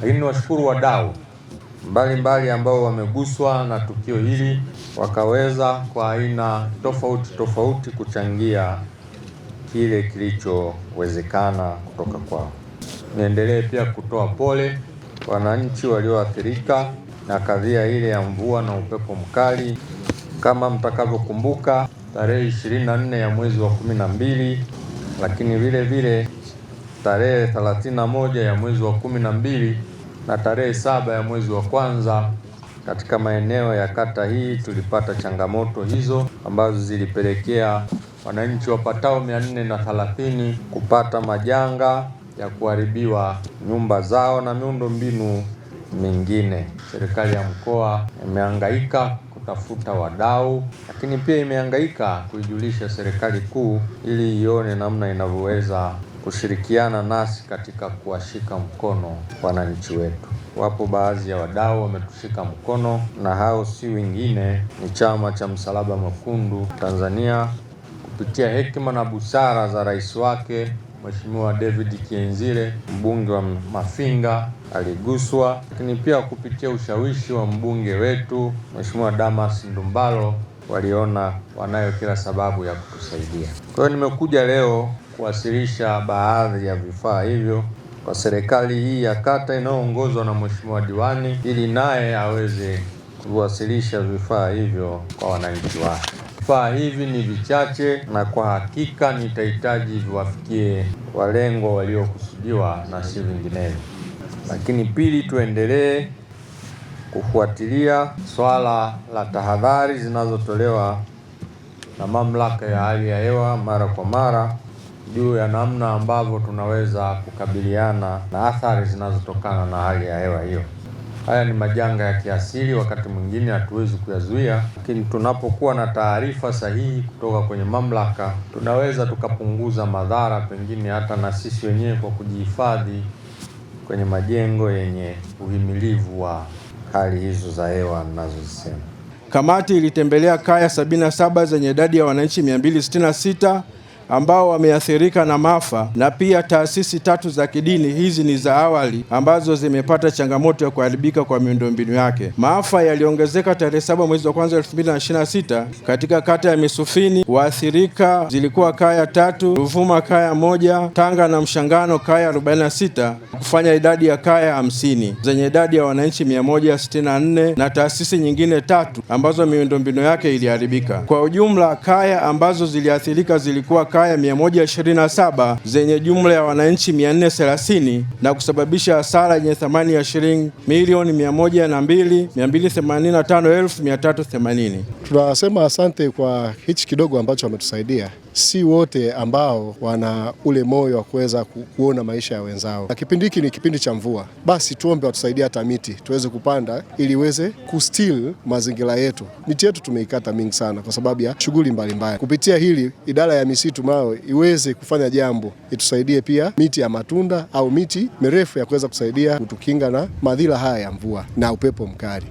Lakini ni washukuru wadau mbalimbali ambao wameguswa na tukio hili wakaweza kwa aina tofauti tofauti kuchangia kile kilichowezekana kutoka kwao. Niendelee pia kutoa pole wananchi walioathirika na kadhia ile ya mvua na upepo mkali. Kama mtakavyokumbuka, tarehe 24 ya mwezi wa 12, lakini vile vile tarehe 31 ya mwezi wa kumi na mbili na tarehe saba ya mwezi wa kwanza katika maeneo ya kata hii tulipata changamoto hizo ambazo zilipelekea wananchi wapatao mia nne na thelathini kupata majanga ya kuharibiwa nyumba zao na miundo mbinu mingine. Serikali ya mkoa imehangaika kutafuta wadau, lakini pia imehangaika kuijulisha serikali kuu ili ione namna inavyoweza kushirikiana nasi katika kuwashika mkono wananchi wetu. Wapo baadhi ya wadau wametushika mkono, na hao si wengine, ni Chama cha Msalaba Mwekundu Tanzania kupitia hekima na busara za rais wake Mheshimiwa David Kienzile, mbunge wa Mafinga aliguswa, lakini pia kupitia ushawishi wa mbunge wetu Mheshimiwa Damas Ndumbalo waliona wanayo kila sababu ya kutusaidia. Kwa hiyo nimekuja leo kuwasilisha baadhi ya vifaa hivyo kwa serikali hii ya kata inayoongozwa na mheshimiwa diwani ili naye aweze kuwasilisha vifaa hivyo kwa wananchi wake. Vifaa hivi ni vichache na kwa hakika nitahitaji viwafikie walengwa waliokusudiwa na si vinginevyo. Lakini pili, tuendelee kufuatilia swala la tahadhari zinazotolewa na mamlaka ya hali ya hewa mara kwa mara juu ya namna ambavyo tunaweza kukabiliana na athari zinazotokana na hali ya hewa hiyo. Haya ni majanga ya kiasili, wakati mwingine hatuwezi kuyazuia, lakini tunapokuwa na taarifa sahihi kutoka kwenye mamlaka, tunaweza tukapunguza madhara, pengine hata na sisi wenyewe kwa kujihifadhi kwenye majengo yenye uhimilivu wa hali hizo za hewa ninazozisema. Kamati ilitembelea kaya 77 zenye idadi ya wananchi 266 ambao wameathirika na maafa na pia taasisi tatu za kidini. Hizi ni za awali ambazo zimepata changamoto ya kuharibika kwa miundombinu yake. Maafa yaliongezeka tarehe saba mwezi wa kwanza sita katika kata ya Misufini. Waathirika zilikuwa kaya tatu, Ruvuma kaya moja, Tanga na Mshangano kaya 46, kufanya idadi ya kaya 50 zenye idadi ya wananchi 164 na taasisi nyingine tatu ambazo miundombinu yake iliharibika. Kwa ujumla kaya ambazo ziliathirika zilikuwa kaya kaya 127 zenye jumla ya wananchi 430 na kusababisha hasara yenye thamani ya shilingi milioni 102,285,380. Tunasema asante kwa hichi kidogo ambacho wametusaidia. Si wote ambao wana ule moyo wa kuweza kuona maisha ya wenzao, na kipindi hiki ni kipindi cha mvua, basi tuombe watusaidie hata miti tuweze kupanda ili iweze kustil mazingira yetu. Miti yetu tumeikata mingi sana kwa sababu ya shughuli mbalimbali. Kupitia hili idara ya misitu Kimaro iweze kufanya jambo, itusaidie pia miti ya matunda au miti mirefu ya kuweza kusaidia kutukinga na madhila haya ya mvua na upepo mkali.